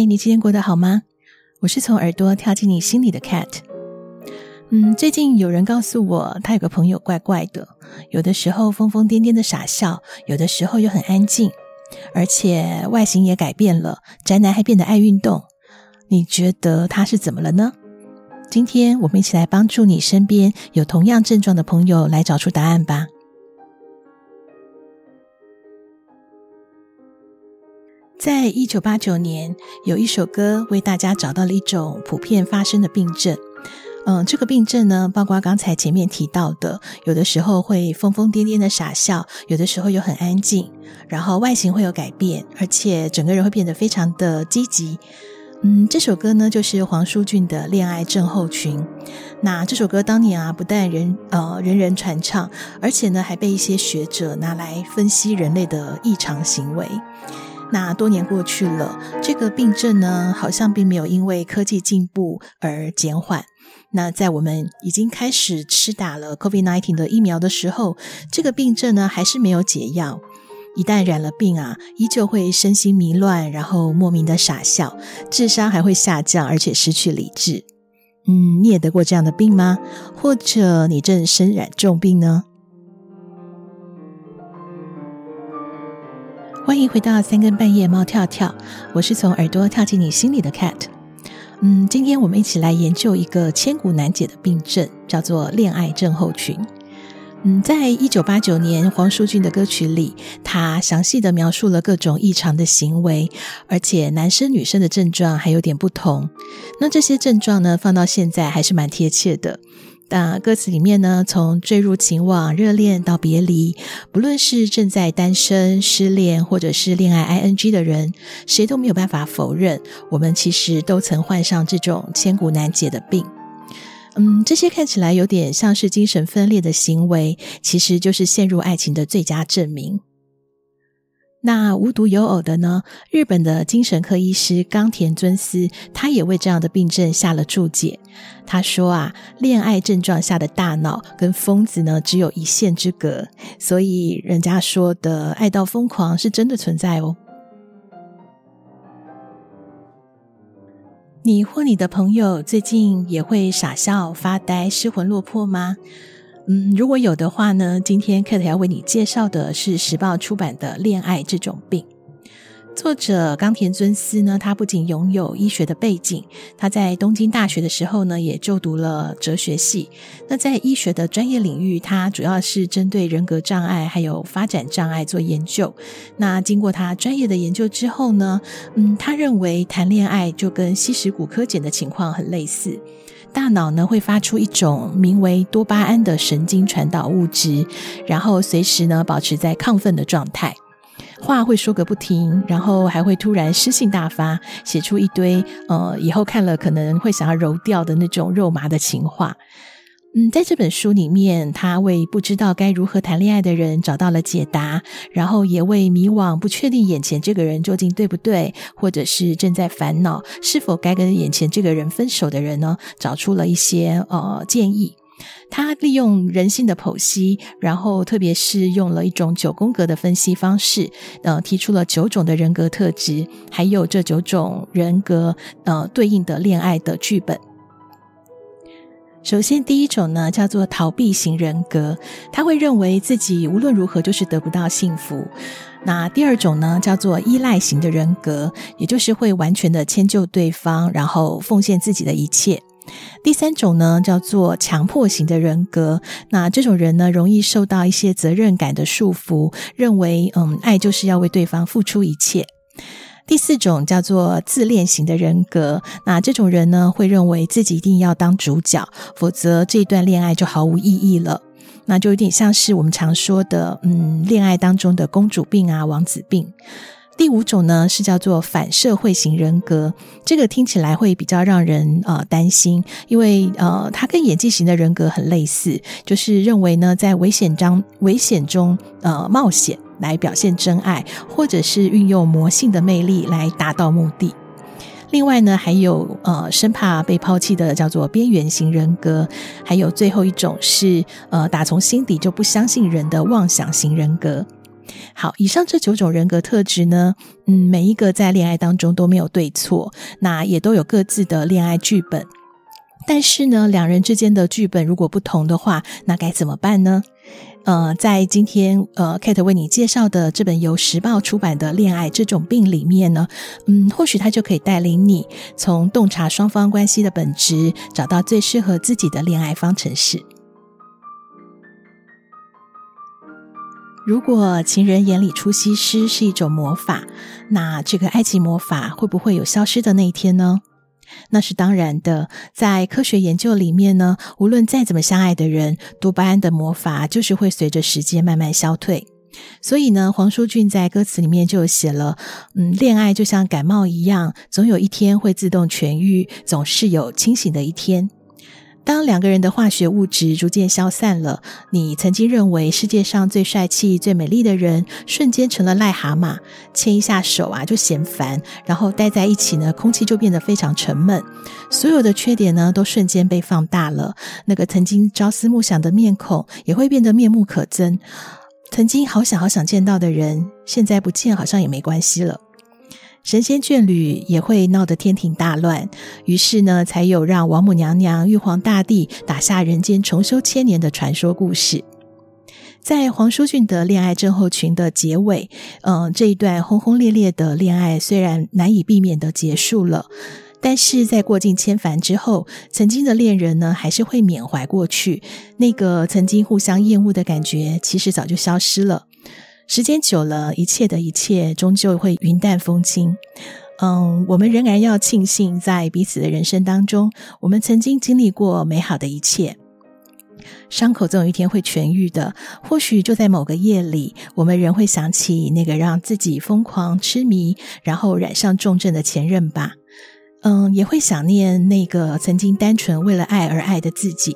嗨，你今天過得好嗎？我是從耳朵跳進你心裡的 Kate。嗯，最近有人告訴我，他有個朋友怪怪的，有的時候瘋瘋癲癲的傻笑，有的時候又很安靜，而且外形也改變了，宅男還變得愛運動。你覺得他是怎麼了呢？今天我們一起來幫助你身邊有同樣症狀的朋友來找出答案吧。在一九八九年，有一首歌為大家找到了一種普遍發生的病症。嗯，這個病症呢，包括剛才前面提到的，有的時候會瘋瘋癲癲的傻笑，有的時候又很安靜，然後外形會有改變，而且整個人會變得非常的積極。嗯，這首歌呢，就是黃舒駿的《戀愛症候群》。那這首歌當年啊，不但人呃人人傳唱，而且呢，還被一些學者拿來分析人類的異常行為。那多年過去了，這個病症呢，好像並沒有因為科技進步而減緩。那在我們已經開始施打了 COVID-19 的疫苗的時候，這個病症呢，還是沒有解藥。一旦染了病啊，依舊會身心迷亂，然後莫名的傻笑，智商還會下降，而且失去理智。嗯，你也得過這樣的病嗎？或者你正身染重病呢？歡迎回到三更半夜，貓跳跳，我是從耳朵跳進你心裡的 Kate。嗯，今天我們一起來研究一個千古難解的病症，叫做戀愛症候群。嗯，在一九八九年黃舒駿的歌曲裡，她詳細地描述了各種異常的行為，而且男生女生的症狀還有點不同。那這些症狀呢，放到現在還是蠻貼切的。但歌詞裡面呢，從墜入情網、熱戀到別離，不論是正在單身、失戀，或者是戀愛 ING 的人，誰都沒有辦法否認，我們其實都曾患上這種千古難解的病。嗯，這些看起來有點像是精神分裂的行為，其實就是陷入愛情的最佳證明。那無獨有偶的呢，日本的精神科醫師岡田尊司，他也為這樣的病症下了注解。他說啊，戀愛症狀下的大腦跟瘋子呢，只有一線之隔，所以人家說的愛到瘋狂是真的存在哦。你或你的朋友最近也會傻笑、發呆、失魂落魄嗎？嗯，如果有的話呢，今天 Kate 要為你介紹的是《時報》出版的《戀愛這種病》，作者岡田尊司呢，他不僅擁有醫學的背景，他在東京大學的時候呢，也就讀了哲學系。那在醫學的專業領域，他主要是針對人格障礙還有發展障礙做研究。那經過他專業的研究之後呢，嗯，他認為談戀愛就跟吸食古柯鹼的情況很類似。大腦呢會發出一種名為多巴胺的神經傳導物質，然後隨時呢保持在亢奮的狀態，話會說個不停，然後還會突然詩興大發，寫出一堆呃以後看了可能會想要揉掉的那種肉麻的情話。嗯，在這本書裡面，他為不知道該如何談戀愛的人找到了解答，然後也為迷惘、不確定眼前這個人究竟對不對，或者是正在煩惱是否該跟眼前這個人分手的人呢，找出了一些呃建議。他利用人性的剖析，然後特別是用了一種九宮格的分析方式，呃，提出了九種的人格特質，還有這九種人格呃對應的戀愛的劇本。首先，第一種呢叫做逃避型人格，他會認為自己無論如何就是得不到幸福。那第二種呢叫做依賴型的人格，也就是會完全的遷就對方，然後奉獻自己的一切。第三種呢叫做強迫型的人格，那這種人呢容易受到一些責任感的束縛，認為，嗯，愛就是要為對方付出一切。第四種叫做自戀型的人格，那這種人呢會認為自己一定要當主角，否則這段戀愛就毫無意義了，那就有點像是我們常說的，嗯，戀愛當中的公主病啊、王子病。第五種呢是叫做反社會型人格，這個聽起來會比較讓人呃擔心，因為呃，他跟演技型的人格很類似，就是認為呢在危險、當危險中呃冒險，來表現真愛，或者是運用魔性的魅力來達到目的。另外呢，還有呃生怕被拋棄的叫做邊緣型人格，還有最後一種是呃打從心底就不相信人的妄想型人格。好，以上這九種人格特質呢，嗯，每一個在戀愛當中都沒有對錯，那也都有各自的戀愛劇本。但是呢，兩人之間的劇本如果不同的話，那該怎麼辦呢？呃，在今天呃，Kate 為你介紹的這本由時報出版的《戀愛這種病》裡面呢，嗯，或許它就可以帶領你從洞察雙方關係的本質，找到最適合自己的戀愛方程式。如果情人眼裡出西施是一種魔法，那這個愛情魔法會不會有消失的那一天呢？那是當然的，在科學研究裡面呢，無論再怎麼相愛的人，多巴胺的魔法就是會隨着時間慢慢消退。所以呢，黃舒駿在歌詞裡面就寫了，嗯，戀愛就像感冒一樣，總有一天會自動痊癒，總是有清醒的一天。當兩個人的化學物質逐漸消散了，你曾經認為世界上最帥氣、最美麗的人，瞬間成了癩蛤蟆，牽一下手啊就嫌煩，然後待在一起呢，空氣就變得非常沉悶，所有的缺點呢都瞬間被放大了，那個曾經朝思暮想的面孔也會變得面目可憎，曾經好想好想見到的人，現在不見好像也沒關係了。神仙眷侶也會鬧得天庭大亂，於是呢，才有讓王母娘娘、玉皇大帝打下人間、重修千年的傳說故事。在黃舒駿的戀愛症候群的結尾，嗯、呃，這一段轟轟烈烈的戀愛雖然難以避免的結束了，但是在過盡千帆之後，曾經的戀人呢，還是會緬懷過去，那個曾經互相厭惡的感覺，其實早就消失了。時間久了，一切的一切終究會雲淡風輕。嗯，我們仍然要慶幸，在彼此的人生當中，我們曾經經歷過美好的一切。傷口總有一天會痊癒的。或許就在某個夜裡，我們仍會想起那個讓自己瘋狂痴迷，然後染上重症的前任吧。嗯，也會想念那個曾經單純為了愛而愛的自己。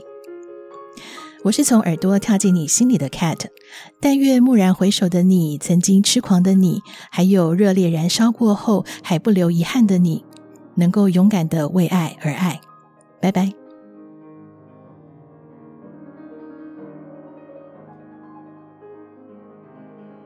我是從耳朵跳進你心裡的 Kate，但願驀然回首的你，曾經痴狂的你，還有熱烈燃燒過後還不留遺憾的你，能夠勇敢的為愛而愛。拜拜。